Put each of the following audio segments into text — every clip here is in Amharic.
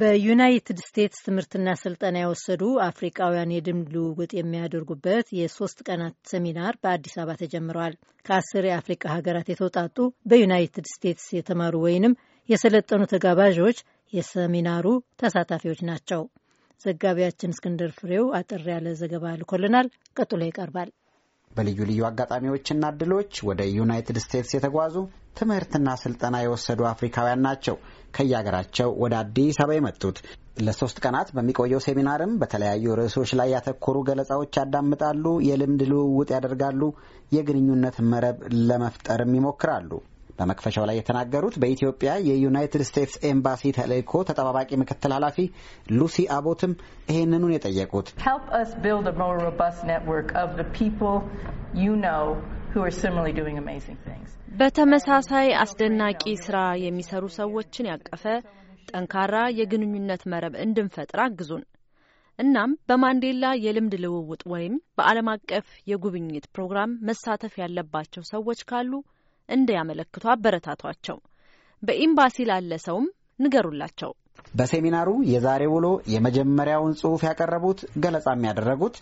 በዩናይትድ ስቴትስ ትምህርትና ስልጠና የወሰዱ አፍሪቃውያን የድምድ ልውውጥ የሚያደርጉበት የሶስት ቀናት ሴሚናር በአዲስ አበባ ተጀምረዋል። ከአስር የአፍሪቃ ሀገራት የተውጣጡ በዩናይትድ ስቴትስ የተማሩ ወይንም የሰለጠኑ ተጋባዦች የሰሚናሩ ተሳታፊዎች ናቸው። ዘጋቢያችን እስክንድር ፍሬው አጠር ያለ ዘገባ ልኮልናል። ቀጥሎ ይቀርባል። በልዩ ልዩ አጋጣሚዎችና እድሎች ወደ ዩናይትድ ስቴትስ የተጓዙ ትምህርትና ስልጠና የወሰዱ አፍሪካውያን ናቸው ከየሀገራቸው ወደ አዲስ አበባ የመጡት። ለሶስት ቀናት በሚቆየው ሴሚናርም በተለያዩ ርዕሶች ላይ ያተኮሩ ገለጻዎች ያዳምጣሉ፣ የልምድ ልውውጥ ያደርጋሉ፣ የግንኙነት መረብ ለመፍጠርም ይሞክራሉ። በመክፈቻው ላይ የተናገሩት በኢትዮጵያ የዩናይትድ ስቴትስ ኤምባሲ ተልእኮ ተጠባባቂ ምክትል ኃላፊ ሉሲ አቦትም ይህንኑን የጠየቁት በተመሳሳይ አስደናቂ ስራ የሚሰሩ ሰዎችን ያቀፈ ጠንካራ የግንኙነት መረብ እንድንፈጥር አግዙን። እናም በማንዴላ የልምድ ልውውጥ ወይም በዓለም አቀፍ የጉብኝት ፕሮግራም መሳተፍ ያለባቸው ሰዎች ካሉ እንዲያመለክቱ አበረታቷቸው። በኤምባሲ ላለ ሰውም ንገሩላቸው። በሴሚናሩ የዛሬ ውሎ የመጀመሪያውን ጽሑፍ ያቀረቡት ገለጻም ያደረጉት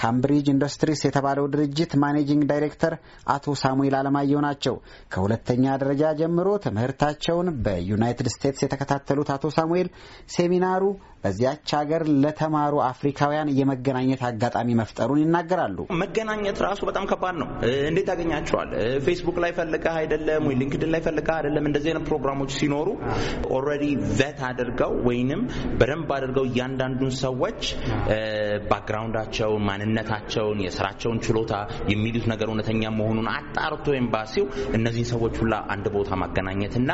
ካምብሪጅ ኢንዱስትሪስ የተባለው ድርጅት ማኔጂንግ ዳይሬክተር አቶ ሳሙኤል አለማየሁ ናቸው። ከሁለተኛ ደረጃ ጀምሮ ትምህርታቸውን በዩናይትድ ስቴትስ የተከታተሉት አቶ ሳሙኤል ሴሚናሩ በዚያች ሀገር ለተማሩ አፍሪካውያን የመገናኘት አጋጣሚ መፍጠሩን ይናገራሉ። መገናኘት ራሱ በጣም ከባድ ነው። እንዴት ያገኛቸዋል? ፌስቡክ ላይ ፈልቀህ አይደለም ወይ ሊንክድን ላይ ፈልቀህ አይደለም። እንደዚህ አይነት ፕሮግራሞች ሲኖሩ ኦልሬዲ ቬት አድርገ አድርገው ወይንም በደንብ አድርገው እያንዳንዱን ሰዎች ባክግራውንዳቸውን፣ ማንነታቸውን፣ የስራቸውን ችሎታ የሚሉት ነገር እውነተኛ መሆኑን አጣርቶ ኤምባሲው እነዚህን ሰዎች ሁላ አንድ ቦታ ማገናኘትና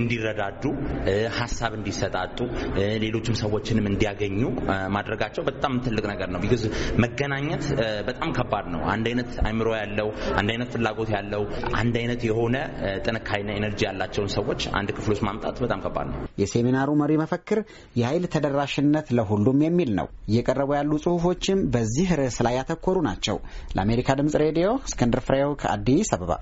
እንዲረዳዱ ሀሳብ እንዲሰጣጡ ሌሎችም ሰዎችንም እንዲያገኙ ማድረጋቸው በጣም ትልቅ ነገር ነው። ቢካዝ መገናኘት በጣም ከባድ ነው። አንድ አይነት አይምሮ ያለው አንድ አይነት ፍላጎት ያለው አንድ አይነት የሆነ ጥንካሬና ኤነርጂ ያላቸውን ሰዎች አንድ ክፍል ውስጥ ማምጣት በጣም ከባድ ነው። የሴሚናሩ መሪ መፈክር የኃይል ተደራሽነት ለሁሉም የሚል ነው። እየቀረቡ ያሉ ጽሁፎችም በዚህ ርዕስ ላይ ያተኮሩ ናቸው። ለአሜሪካ ድምጽ ሬዲዮ እስክንድር ፍሬው ከአዲስ አበባ